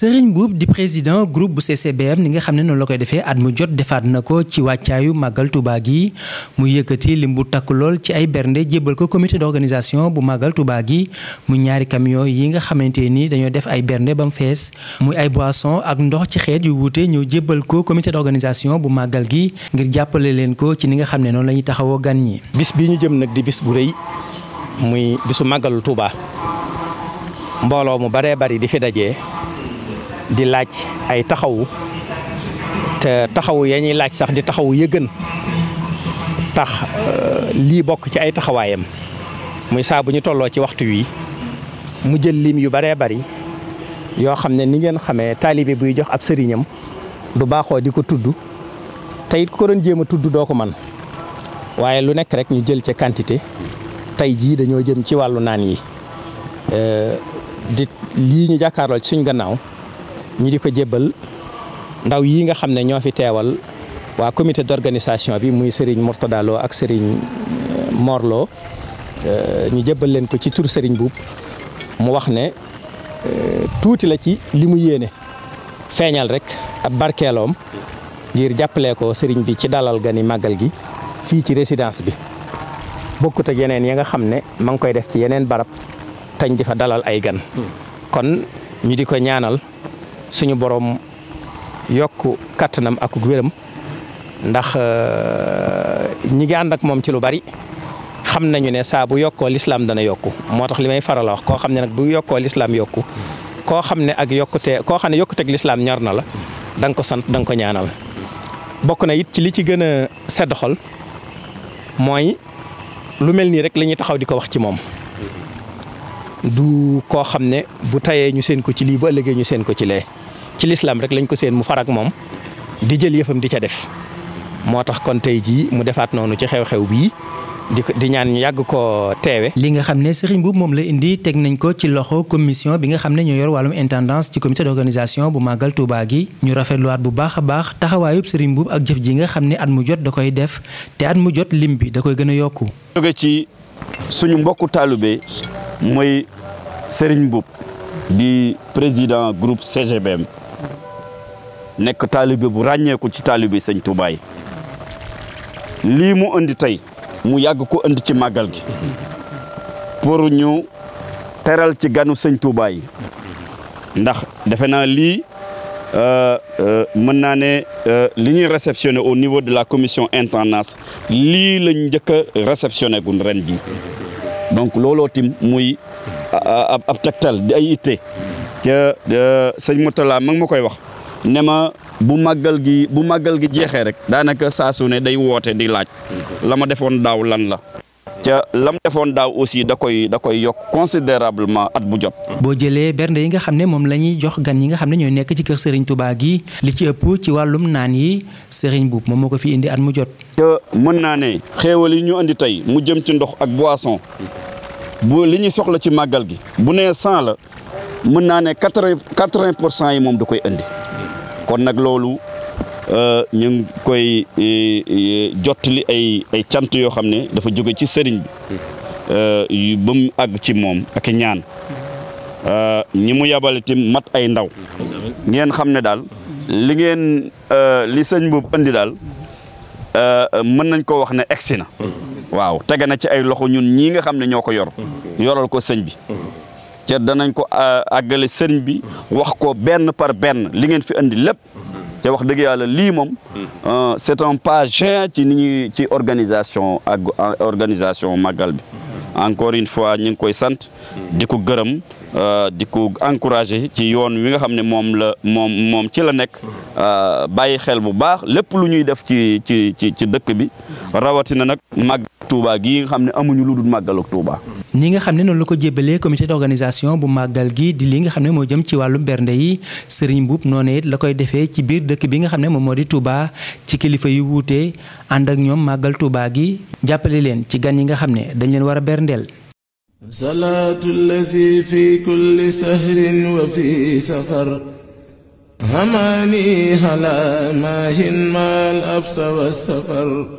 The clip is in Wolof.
Serigne Mboup di président groupe bu CCBM ni nga xam ne noonu la koy defee at mu jot defaat na ko ci wàccaayu màggal Touba gi mu yëkkati lim bu takk lool ci ay bernde jébbal ko comité d'organisation bu màggal Touba gi mu ñaari camion yi nga xamante ni dañoo def ay bernde ba fees muy ay boisson ak ndox ci xeet yu wuute ñëw jébbal ko comité d'organisation bu màggal gi ngir jàppale leen ko ci ni nga xam ne noonu la ñuy taxawoo gan ñi. bis bi ñu jëm nag di bis bu rëy muy bisu màggalu Touba mbooloo mu baree bari di fi daje. di laaj ay taxawu te taxawu ya ñuy laaj sax di taxawu yëgën tax euh, lii bokk ci ay taxawaayam muy saa bu ñu tolloo ci waxtu wi mu jël lim yu baree bari yoo xam ne ni ngeen xamee taalibe buy jox ab sëriñam du baaxoo di ko tudd te it ko doon jéem a tudd doo ko man waaye lu nekk rek ñu jël ca quantité tey jii dañoo jëm ci wàllu naan yi euh, di lii ñu jàkkaarloo ci suñ gannaaw ñi di ko jébbal ndaw yi nga xam ne ñoo fi teewal waa comité d'organisation bi muy Serigne Mourtada Lo ak Serigne euh, Mor Lo euh, ñu jébbal leen ko ci tur Serigne Buub mu wax ne euh, tuuti la ci li mu yéene feeñal rek ab barkeeloom ngir jàppale ko sëriñ bi ci dalal gani màggal gi fii ci résidence bi bokkut ak yeneen yi nga xam ne ma ngi koy def ci yeneen barab tañ di dalal ay gan hmm. kon ñu di ñaanal. suñu boroom yokk kattanam ak wéram ndax euh, ñi gaan ak moom ci lu bari xam nañu ne saabu yokkoo lislaam dana yokku moo tax li may faral a wax koo xam ne nag bu yokkoo lislaam yokku koo xam ne ak yokkute koo xam ne yokkuteeg lislaam ñor na la danga ko sant danga ko ñaanal bokk na it ci li ci gën a sedd xol mooy lu mel nii rek la ñuy taxaw di ko wax ci moom. du koo xam ne bu tayee ñu seen ko ci lii bu ëllëgee ñu seen ko ci lee ci lislaam rek lañ ko seen mu farak moom di jël yëfam di ca def moo tax kon tey jii mu defaat noonu ci xew-xew bii di ko di ñaan ñu yàgg ko teewe li nga xam ne Serigne Mboup moom la indi teg nañ ko ci loxo commission bi nga xam ne ñoo yor wàllum intendance ci comité d'organisation bu màggal Touba gi ñu rafetluwaat bu baax a baax taxawaayub Serigne Mboup ak jëf ji nga xam ne at mu jot da koy def te at mu jot lim bi da koy gën a yokku. suñu mbokk taalibe mooy Serigne Mboup di président groupe CGBM nekk taalibe bu ràññeeku ci taalibe sëñ Touba lii mu indi tey mu yàgg ko indi ci màggal gi pour ñu teral ci ganu sëñ Touba yi ndax defe naa lii Euh, euh, mën naa ne euh, li ñuy réceptionné au niveau de la commission intendance lii lañ njëkk a réceptionné gun ren ji donc looloo tim muy ab tegtal di ay ca sëñ Moutala ma ngi ma koy wax nema bu màggal gi bu màggal gi jeexee rek daanaka saa su ne day woote di laaj la ma defoon daaw lan la ca lam defoon daaw aussi da koy da koy yokk considérablement at bu jot. boo jëlee bernde yi nga xam ne moom la ñuy jox gan yi nga xam ne ñoo nekk ci kër Serigne Touba gi li ci ëpp ci wàllum naan yi Serigne Boub moom moo ko fi indi at mu jot. te mën naa ne xéewal yi ñu andi tey mu jëm ci ndox ak boisson bu li ñuy soxla ci màggal gi bu nee 100 la mën naa ne 80 80 pour cent yi moom da koy indi kon nag loolu. Euh, ñu ngi koy euh, euh, jottali ay ay cant yoo xam ne dafa jóge ci sëriñ bi ba mu àgg ci moom ak ñaan ñi mu yabal tim mat ay ndaw ngeen xam ne daal li ngeen li sëñ boobu andi daal mën nañ ko wax ne egsi na waaw tege na ci ay loxo ñun ñii nga xam ne ñoo ko yor yoral ko sëñ bi te danañ ko àggale sëriñ bi wax ko benn par benn li ngeen fi indi lépp te wax dëgg yàlla lii moom. Euh, c'est un pas géant ci ni ñuy ci organisation ak euh, organisation màggal bi. encore une fois ñu ngi koy sant. di ko gërëm euh, di ko encourager ci yoon wi nga xam ne moom la moom moom ci la nekk. bàyyi xel bu baax lépp lu ñuy def ci ci ci ci dëkk bi rawatina nag màggal Touba gii nga xam ne amuñu lu dul màggalu Touba. ni nga xam ne noonu la ko jébbalee comité d'organisation bu màggal gi di li nga xam ne moo jëm ci wàllu bernde yi Serigne Mboup noonu it la koy defee ci biir dëkk bi nga xam ne moom moo di Touba ci kilifa yu wuute ànd ak ñoom màggal Touba gi jàppale leen ci gan yi nga xam ne dañ leen war a berndeel salaatu lazi fi kulli sahrin wa fi safar hamaani hala maahin maal absa wa safar